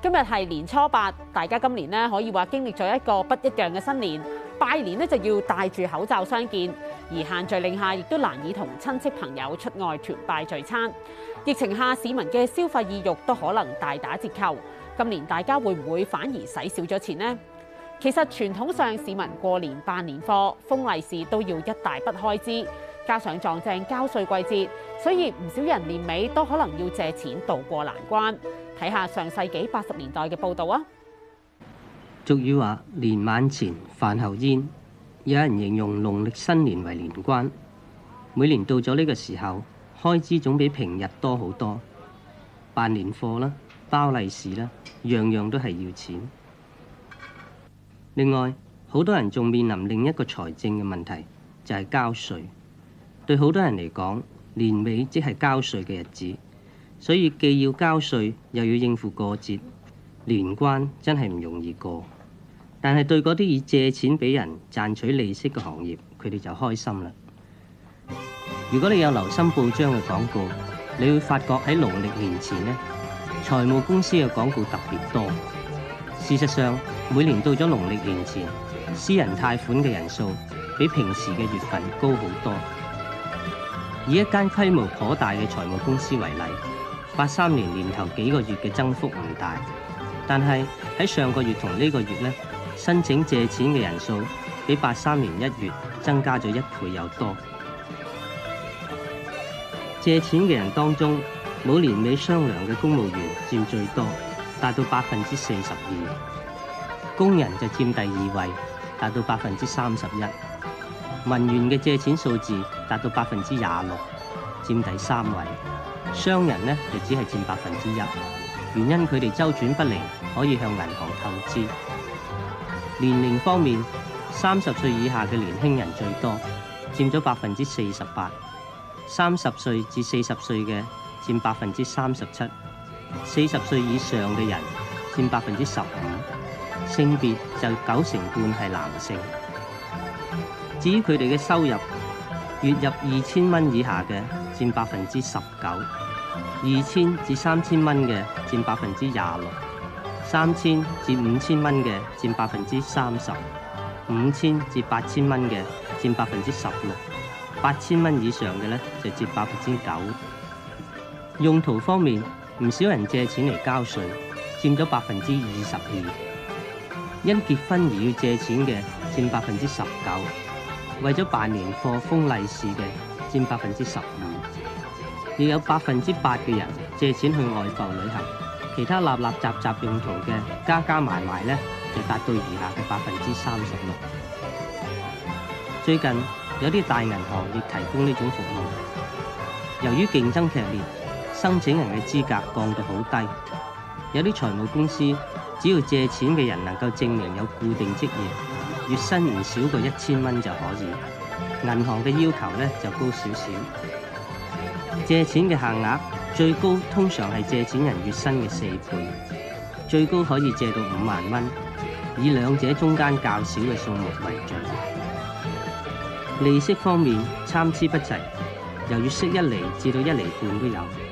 今日係年初八，大家今年呢可以話經歷咗一個不一樣嘅新年。拜年呢就要戴住口罩相見，而限聚令下亦都難以同親戚朋友出外團拜聚餐。疫情下市民嘅消費意欲都可能大打折扣。今年大家會唔會反而使少咗錢呢？其實傳統上市民過年辦年貨、封利是都要一大筆開支。加上撞正交稅季節，所以唔少人年尾都可能要借錢渡過年關。睇下上世紀八十年代嘅報導啊。俗語話：年晚前飯後煙，有人形容農曆新年為年關。每年到咗呢個時候，開支總比平日多好多，辦年貨啦、包利是啦，樣樣都係要錢。另外，好多人仲面臨另一個財政嘅問題，就係交稅。對好多人嚟講，年尾即係交稅嘅日子，所以既要交稅又要應付過節，年關真係唔容易過。但係對嗰啲以借錢俾人賺取利息嘅行業，佢哋就開心啦。如果你有留心報章嘅廣告，你會發覺喺農曆年前呢，財務公司嘅廣告特別多。事實上，每年到咗農曆年前，私人貸款嘅人數比平時嘅月份高好多。以一間規模頗大嘅財務公司為例，八三年年頭幾個月嘅增幅唔大，但係喺上個月同呢個月呢，申請借錢嘅人數比八三年一月增加咗一倍又多。借錢嘅人當中，冇年尾商量嘅公務員佔最多，達到百分之四十二，工人就佔第二位，達到百分之三十一。文員嘅借錢數字達到百分之廿六，佔第三位。商人呢，就只係佔百分之一。原因佢哋周轉不靈，可以向銀行透支。年齡方面，三十歲以下嘅年輕人最多，佔咗百分之四十八。三十歲至四十歲嘅佔百分之三十七，四十歲以上嘅人佔百分之十五。性別就九成半係男性。至於佢哋嘅收入，月入二千蚊以下嘅佔百分之十九，二千至三千蚊嘅佔百分之廿六，三千至五千蚊嘅佔百分之三十，五千至八千蚊嘅佔百分之十六，八千蚊以上嘅呢就佔百分之九。用途方面，唔少人借錢嚟交稅，佔咗百分之二十二。因結婚而要借錢嘅佔百分之十九。為咗辦年貨、過封利是嘅，佔百分之十五；亦有百分之八嘅人借錢去外埠旅行，其他立立雜雜用途嘅加加埋埋呢就達到餘下嘅百分之三十六。最近有啲大銀行亦提供呢種服務，由於競爭劇烈，申請人嘅資格降到好低。有啲財務公司只要借錢嘅人能夠證明有固定職業。月薪唔少過一千蚊就可以，銀行嘅要求呢就高少少。借錢嘅限額最高通常係借錢人月薪嘅四倍，最高可以借到五萬蚊，以兩者中間較少嘅數目為準。利息方面參差不齊，由月息一厘至到一厘半都有。